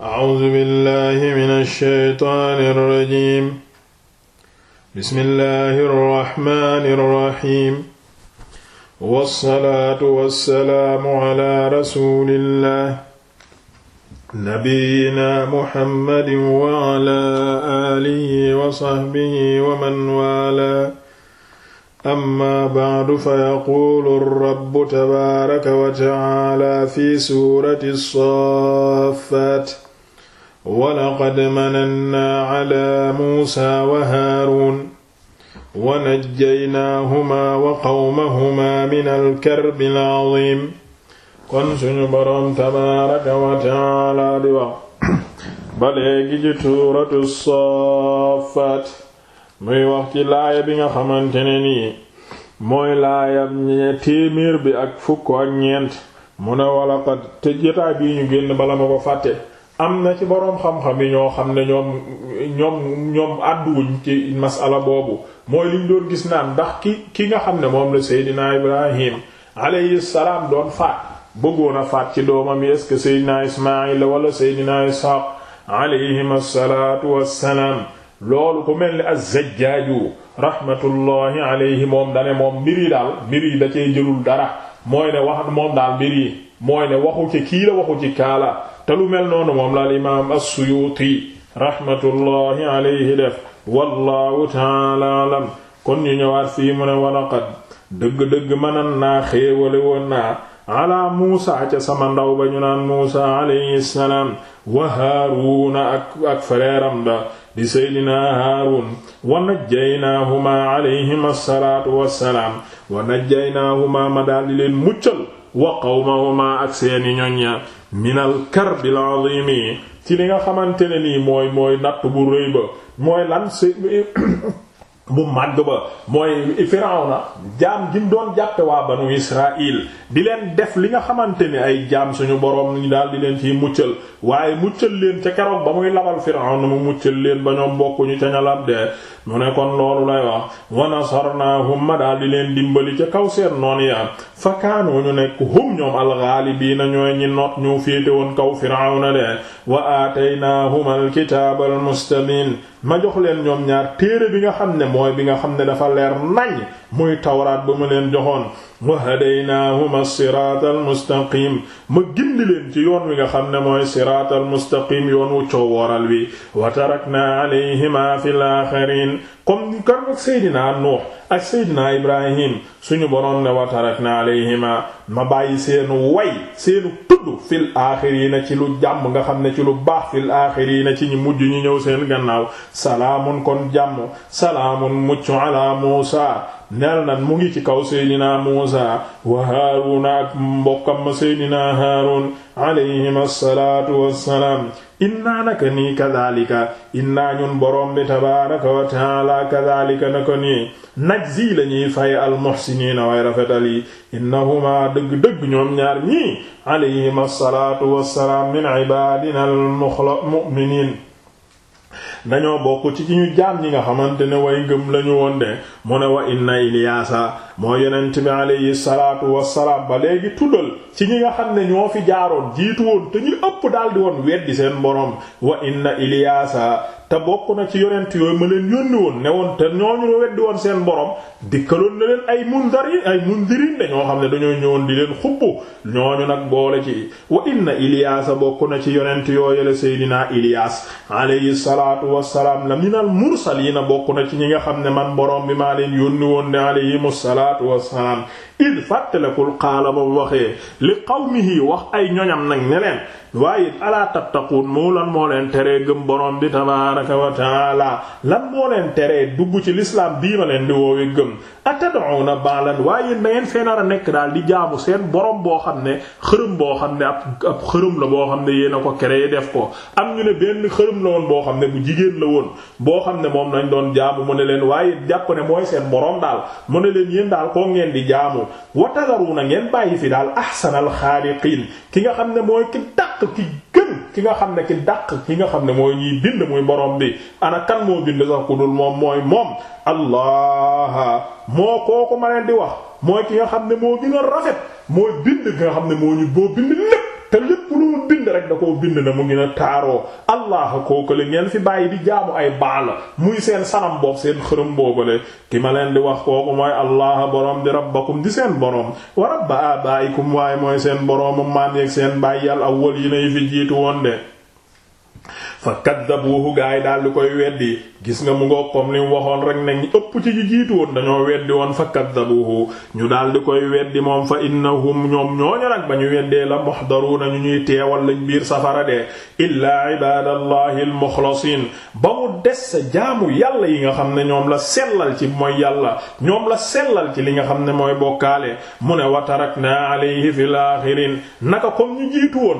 A'uuzu billaahi mina shaytaani rajiim. Bismillaahi rahmaani rahiim. Wassalaatu wassalaamu alaa rasuulillaahi nabiyyinaa Muhammadin wa alaa aalihi wa sahbihi wa man waalaahu amma ba'du fa yaquulu rabbu tabaaraka wa ta'aala fi suurati saaffaat walaqad manannaa calaa muusaa wa haaruun wa najjaynaahumaa wa qawmahumaa minal karbil caziim kon suñu boroom tabaaraka wa ta'aala di wax ba léegi ci suuratu saaffaat muy wax ci laaya bi nga xamante ne nii mooy laaya téeméer bi ak fukk ak ñeent mu ne wala qad te jotaay bii ñu génn bala ma ko fàtte am na ci boroom xam-xam yi ñoo xam ne ñoom ñoom àdduwuñ ci masala boobu mooy liñ doon gis naan ndax ki ki nga xam ne moom la Seydina Ibrahim alayhi salaam doon faat bëggoon a faat ci doomam yi est-ce que Seydina Ismaïl Ishaq alayhim assalaatu wassalaam loolu ku mel ni az-Zajjaaju rahmatullahi alayhi moom dane moom mbir yi daal mbir yi da cee jëlul dara mooy ne wax moom daal mbir yi mooy ne waxu ci kii waxu ci kaala te lu mel noonu moom la al imaam as-Suyuuti rahmatullahi alayhi def wallahu taala alam kon ñu ñëwaat fii mu ne walaqad dëgg-dëgg mënan naa xéewale woon naa ala muusa ca sama ndaw ba ñu naan muusa alayhi salaam wa haaruuna ak fereeram ba di seydinaa haarun wa najjaynaahuma alayhim assalaatu wassalaam wa najjaynaahuma ma daldi leen muccal wa qawmahuma ak seeni ñoñ ya minal karbil azimi ci li nga xamante ne nii mooy mooy natt bu rëy ba mooy lan bu màgg ba mooy Firawna jaam gi mu doon jàppe waa banu Israil di leen def li nga xamante ni ay jaam suñu boroom ñu daal di leen ciy muccal waaye muccal leen ca keroog ba muy labal Firawna mu muccal leen ba ñoom bokkuñu ca ñalab de mu ne kon loolu lay wax wa nasarnaahum ma daal di leen dimbali ca kaw seen noon ya fa kaanu ñu nekk hum ñoom alxaalibiina ñooy ñi noot ñu féete woon kaw Firawna de wa aataynaahum alkitaabal mustabiin ma jox leen ñoom ñaar téere bi nga xam ne mooy bi nga xam ne dafa leer nañ muy tawraat ba ma leen joxoon wa hadaynaahuma siraatal mustaqim ma gindi leen ci yoon wi nga xam ne mooy siraatal mustaqim yoon wu coowooral wi wa tarakna alayhima fil aaxiriin comme kan ak seydinaa nuux ak seydinaa ibrahim suñu boroom ne wa tarakna alayhima ma bàyyi seenu way seenu tudd fil aaxiriina ci lu jàmm nga xam ne ci lu baax fi fil aaxiriina ci ñi mujj ñi ñëw seen gannaaw salaamun kon jàmm salaamun mucc ala muusa neel nan mu ngi ci kaw seydina muusa wa haaruna ak mbokkam ma seydina haarun alayhim assalaatu wassalaam innaa naka nii kadhalika innaa ñun borom bi tabaaraka wa taala kadhalika naka nii najzi la ñuy fay almuhsiniina way rafetal yi innahuma dëgg-dëgg ñoom ñaar ñii alayhim assalaatu wassalaam min ibaadina almuxla mu'miniin dañoo bokk ci ñu jaam yi nga xamante ne way ngëm lañu woon de mu ne wa nay Ilyaasa moo yonent bi alayhi salaatu wassalaam ba léegi tuddal ci ñi nga xam ne ñoo fi jaaroon jiitu woon te ñu ëpp daal di woon weddi seen borom wa inna Iliyaasa te bokk na ci yonent yooyu ma leen yónni woon ne woon te ñooñu weddi woon seen borom dikkaloon na leen ay mundari ay mundirin dañoo xam ne dañoo ñëwoon di leen xubbu ñooñu nag boole ci wa inna Iliyaasa bokk na ci yonent yooyu la Seydina Iliyaas alayhi salaatu wassalaam la minal mursaliina bokk na ci ñi nga xam ne man borom bi maa leen yónni woon ne salaatu wassalaam um, id fàttalekul xaala ba waxee li xaw qawmihi wax ay ñoñam nag ne leen waaye alaa tattaquun moo lan moo leen teree gëm borom bi tabaaraka wa taala lan moo leen teree dugg ci lislaam bii ma leen di woowe gëm atad'una baalan waaye da ngeen fee nar a nekk daal di jaamu seen borom boo xam ne xërëm boo xam ne ab xërëm la boo xam ne yéen a ko créé def ko am ñu ne benn xërëm la woon boo xam ne bu jigéen la woon boo xam ne moom lañ doon jaamu mu ne leen waaye jàpp ne mooy seen borom daal mu ne leen yéen daal koo ngeen di jaamu wa na ngeen bàyyi fi daal ahsanal xaaliqiin ki nga xam ne mooy ki dàq ki gën ki nga xam ne ki daq ki nga xam ne mooy ñiy bind muy borom bi ana kan moo bind sax ku dul moom mooy moom allah moo kooku ma leen di wax mooy ki nga xam ne moo gën a rafet mooy bind ki nga xam ne moo ñu boo bind lépp lu mu bind rek da koo bind ne mu ngi ne taaroo allah kooku la ngeen fi bàyyi di jaamu ay baala muy seen sanam seen xërëm boobu le ki ma leen di wax kooku mooy allah borom di rabbakum di seen borom wa rabba abaayikum waaye mooy seen boromam maam yeeg seen bàyyi a awwal yi nay fi jiitu woon de. fa kaddabuhu gaa yi daal di koy weddi gis nga mu ngoo comme li mu waxoon rek na ñi ëpp ci ñi jiitu woon dañoo weddi woon fa kaddabuhu ñu daal di koy weddi moom fa innahum ñoom ñooñu nag ba ñu weddee la muhdaruna ñu ñuy teewal lañ biir safara de illaa ibadallahi almukhlasin ba mu des sa jaamu yàlla yi nga xam ne ñoom la sellal ci mooy yàlla ñoom la sellal ci li nga xam ne mooy bokkaale mu ne wa tarakna alayhi fil naka comme ñu jiitu woon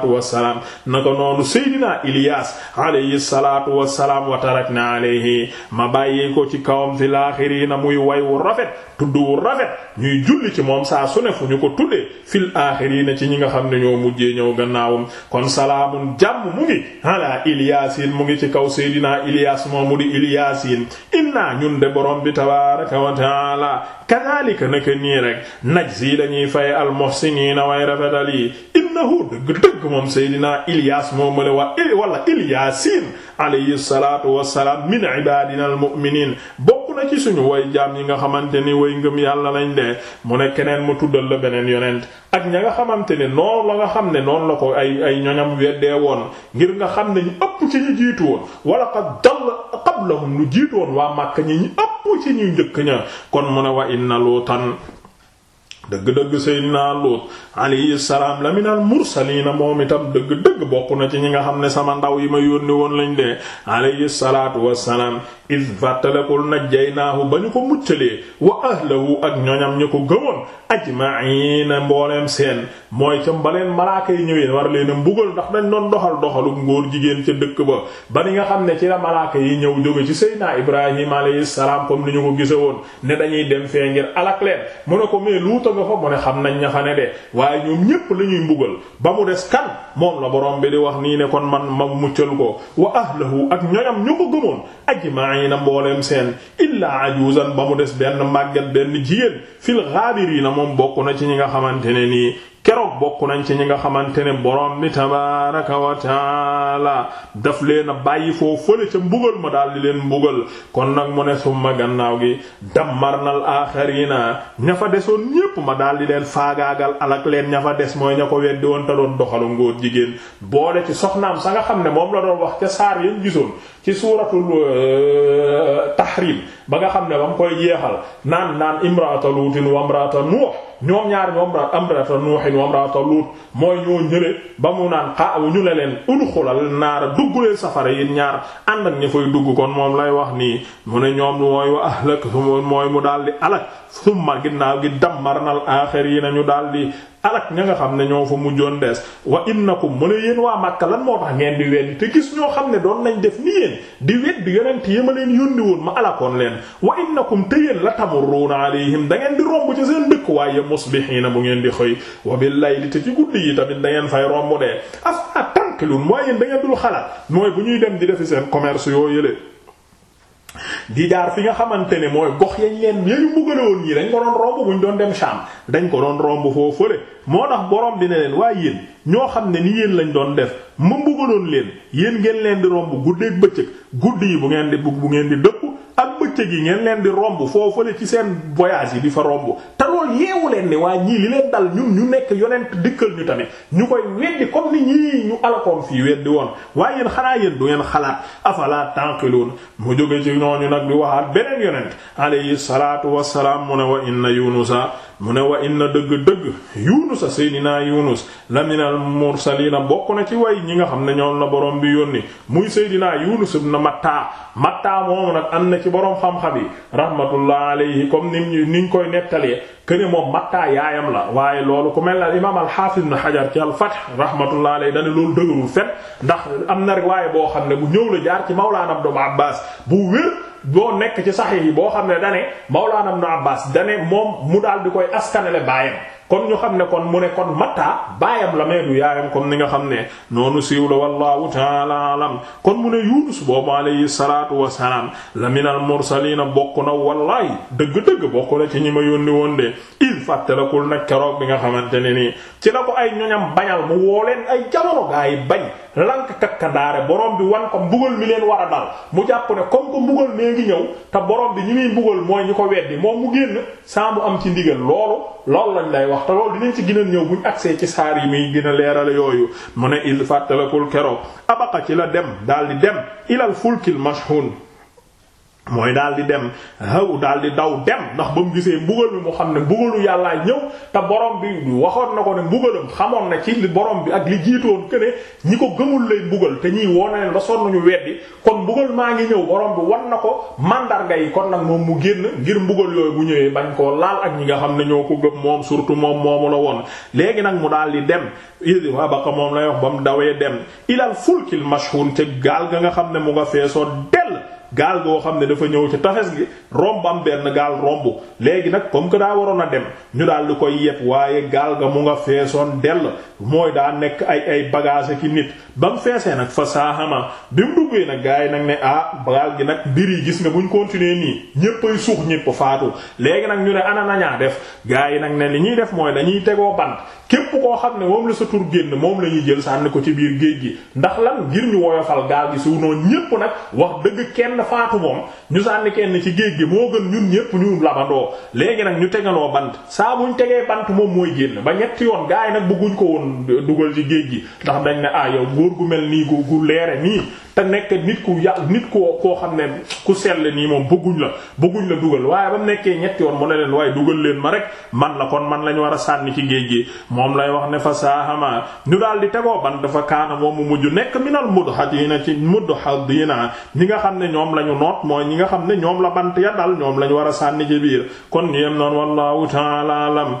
salaatu wassalaam naka noonu seydina Iliyaas alayhi salaatu wassalaam wa tarakna alayhi ma bàyyi ko ci kawam fil aaxiriina muy way wu rafet tudd wu rafet ñuy julli ci moom saa su ne fu ñu ko tuddee fil aaxiriina ci ñi nga xam ne ñoo mujjee ñëw gannaawam kon salaamun jàmm mu ngi ala Iliyaasin mu ngi ci kaw seydina Iliyaas moomu di Iliyaasin inna ñun de borom bi tabaaraka wa taala kadaalika naka nii rek najzi dañuy fay al muhsiniina way rafetal yi innahu dëgg-dëgg moom Seydina Ilyas moo male waa wala Ilyaasin alayhi salaatu wassalaam min ibaadina al-mu'miniin bokk na ci suñu way jaam yi nga xamante ni way ngëm yàlla lañ de mu ne keneen mu tuddal la beneen yonent ak ña nga xamante ne noonu la nga xam ne noonu la ko ay ay ñoñam weddee woon ngir nga xam ne ñu ëpp ci ñu jiitu woon wala qad dalla qablahum lu jiitu woon waa Makka ñi ñu ëpp ci ñu njëkk ña kon mu ne wa inna Luutan dëgg-dëgg Seydina Luut alayhi salaam la minal mursaliina moom itam dëgg-dëgg bokk na ci ñi nga xam ne sama ndaw yi ma yónni woon lañ dee alayhi salaatu wassalaam is fàttalekul najjaynaahu ba ñu ko muccalee wa ahlahu ak ñoñam ñu ko gëmoon ajma'iina seen mooy ca mbaleen malaaka yi ñëwee war leen a mbugal ndax dañ doon doxal doxalu ngóor jigéen ca dëkk ba ba nga xam ne ci la malaaka yi ñëw jóge ci Seydina Ibrahim alayhi salaam comme ni ñu ko gise woon ne dañuy dem fee ngir alak ko mais luuta nga fa mu ne xam nañ ña fa ne de waaye ñoom ñépp ñuy mbugal ba mu des kan moom la borom bi di wax nii ne man ma muccal ko ajmaina mbooleem seen illaa ajuzan ba mu des benn màggat benn jigéen fil ghaabiriina moom bokk na ci ñi nga xamante ne nii keroog bokku nañ ci ñi nga xamante ne borom bi tabaaraka wa taala daf leen bàyyi foo fële ca mbugal ma daal di leen mbugal kon nag mu ne summa gannaaw gi dammarnal aaxarina ña fa desoon ñépp ma daal di leen faagaagal alak leen ña fa des mooy ña ko weddi woon te doon doxalu ngóor jigéen boole ci soxnaam sa nga xam ne moom la doon wax ca saar yeen gisoon ci suuratul euh, tahrim ba nga xam ne ba mu koy jeexal naan naan imraata luutin wa imraata nuux ñoom ñaar ñoom ra amrata nuuhin wa amrata luut mooy ñoo ñële ba mu naan xa ñu ne leen udxulal naara duggulee safara yi ñaar ànd ak ña dugg kon moom lay wax nii mu ne ñoom mooy wa mooy mu daal di alak summa ginnaaw gi dammarnal aaxiriina ñu daal di alak ña xam ne ñoo fa mujjoon des wa innakum mu ne yéen waa Makka lan moo ngeen di weddi te xam ne doon nañ def di weddi yonent yi ma leen yónni ma alakoon leen wa innakum te yéen la tamurruuna alayhim da ngeen di romb ci seen dëkk waaye musbihiina bu ngeen di xëy wa bil layli te ci guddi yi tamit da ngeen fay romb de afa tànkilun mooy yéen da ngeen dul xalaat mooy bu ñuy dem di defi seen commerce yoo yële di gaar fi nga xamante ne mooy gox yañ leen yañu mbuggale woon ñii dañ ko doon romb buñ doon dem Sham dañ ko doon romb foofu fële moo tax borom ne leen waaye yéen ñoo xam ne ni yéen lañ doon def ma mbugaloon leen yéen ngeen leen di romb guddeeg bëccëg guddi yi bu ngeen di bu ngeen di dëpp ak bëccëg yi ngeen leen di romb foofu fële ci seen voyage yi fa romb yeewu leen ne waa ñii li leen dal ñun ñu nekk yonent dikkal ñu tamit ñu koy weddi comme ni ñii ñu alakoon fii weddi woon waaye yéen xanaa yéen du ngeen xalaat afala tànqiloon mu jóge ci ñooñu nag di waxaat beneen yonent alayhi salaatu wassalaam mu ne wa inna yunusa mu ne wa inna dëgg-dëgg yunusa seydinaa yunus la minal mursaliina bokk na ci way ñi nga xam ne ñoom la borom bi yónni muy seydinaa yunus ibn matta matta moomu nag am na ci borom xam-xam yi rahmatullah comme ni ñu koy nettalee ne moom mattaa yaayam la waaye loolu ku mel ne al imaam al-Hafiz ibn Hajar ci al-Fath rahmatullah alayhi dane loolu dëgërul fet ndax am na rek waaye boo xam ne bu ñëw la jaar ci mawlaana Abdou Abbas bu wér boo nekk ci saxiix yi boo xam ne dane Mawlaana Ibn Abbaas dane moom mu daal di koy askanale baayam kon ñu xam ne kon mu ne kon matta baayam la mee du yaayam comme ni nga xam ne noonu siiw la wallahu taala alam kon mu ne Yuunus boobu alayhi salaatu wassalaam la minal mursaliina bokk na wallaahi dëgg-dëgg bokk na ci ñi ma yónni woon de fàttalikul nag keroog bi nga xamante ne nii ci la ko ay ñoñam bañal mu woo leen ay jamono gaa yi bañ lank kakkandaare boroom bi wan ko mbugal mi leen war a dal mu jàpp ne comme que mbugal mee ngi ñëw te borom bi ñu muy mbugal mooy ñu ko weddi moom mu génn saa mu am ci ndigal loolu loolu lañ lay wax te loolu dinañ ci gën a ñëw buñ agsee ci saar yi muy gën a leerale yooyu mu ne il fàttalikul keroog abaqa ci la dem daal di dem ilal fulkil mashhun mooy daal di dem haw daal di daw dem ndax ba mu gisee mbugal bi mu xam ne mbugalu yàllaa ñëw te borom bi waxoon na ko ne mbugalam xamoon na ci li borom bi ak li jiitoon que ñi ko gëmul lay mbugal te ñii woo na leen ba sonn ñu weddi kon mbugal maa ngi ñëw borom bi wan na ko mandarga yi kon nag moom mu génn ngir mbugal yooyu bu ñëwee bañ koo laal ak ñi nga xam ne ñoo ko gëm moom surtout moom moomu la woon. léegi nag mu daal di dem idi waa moom lay wax ba mu dawee dem ilal fulkil mashhun te gaal ga nga xam ne mu nga feesoo gaal goo xam ne dafa ñëw ci tafes gi rombam benn gaal romb léegi nag comme que daa waroon a dem ñu daal di koy yeb waaye gaal ga mu nga feesoon dell mooy daa nekk ay ay bagage ki nit ba mu feesee nag fa saahama bi mu duggee nag gaal yi nag ne ah gaal gi nag mbir yi gis nga buñ continuer nii ñépp ay suux ñépp faatu léegi nag ñu ne ana nañaa def gars yi nag ne li ñuy def mooy dañuy tegoo bant képp koo xam ne moom la sa tur génn moom la ñuy jël sànni ko ci biir géej gi ndax lan ngir ñu woyofal gaal gi su noonu ñépp nag wax dëgg kenn faatu moom ñu sànni kenn ci géej gi moo gën ñun ñépp ñu labandoo léegi nag ñu tegaloo bant saa buñ tegee bant moom mooy génn ba ñetti yoon gaay nag bëgguñ ko woon dugal ci géej gi ndax dañ ne ah yow góor gu mel nii gu gu leere nii te nekk nit ku yà nit koo koo xam ne ku sell nii moom bëgguñ la bëgguñ la dugal waaye ba mu nekkee ñetti yoon mu ne leen waaye dugal leen ma rek man la kon man lañu war a sànni ci géej gi moom lay wax ne fa saahama ñu daal di tegoo ban dafa kaana moom mu mujj nekk minal na ci mudhadina ñi nga xam ne ñoom la ñu noot mooy ñi nga xam ne ñoom la bant ya dal ñoom la war a sànni ci biir kon ñi yem noon wallahu ta'ala alam